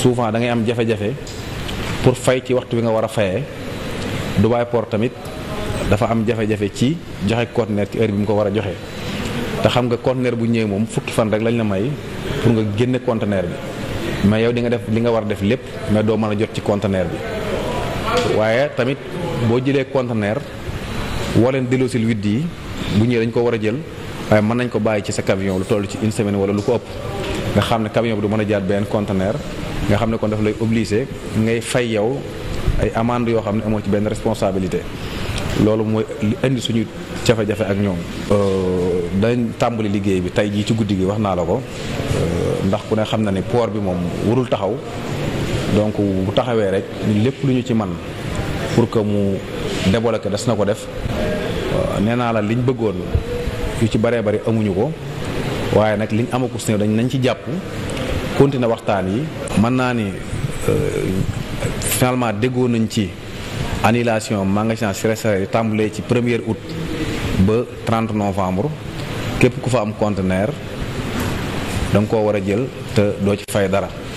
souvent da ngay am jafe-jafe pour fay ci waxtu wi nga war a fayee Dubai Port tamit dafa am jafe-jafe ci joxe conteneur ci heure bi mu ko war a joxe te xam nga conteneur bu ñëwee moom fukki fan rek lañ la may pour nga génne conteneur bi mais yow di nga def li nga war a def lépp mais doo mën a jot ci conteneur bi waaye tamit boo jëlee conteneur woo leen delloo si witt yi bu ñëwee dañ ko war a jël waaye mën nañ ko bàyyi ci sa camion lu toll ci une semaine wala lu ko ëpp xam ne camion bi du mën a jaat benn conteneur nga xam ne kon daf lay obligé ngay fay yow ay amende yoo xam ne amoo ci benn responsabilité loolu mooy li indi suñu jafe-jafe ak ñoom. Euh, dañ tàmbali liggéey bi tey jii ci guddi gi wax naa la ko euh, ndax ku ne xam na ne port bi moom warul taxaw donc bu taxawee rek lépp lu ñu ci man pour que mu débloqué des na ko def euh, nee naa la liñ bëggoon yu ci baree bari amuñu ko waaye nag liñ amaku si dañ nañ ci jàpp. continuer waxtaan yi mën naa ni euh, finalement déggoo nañ ci annulation magasin stressé tàmbalee ci première er août ba 30 novembre képp ku fa am conteneur da ko koo war a jël te doo ci fay dara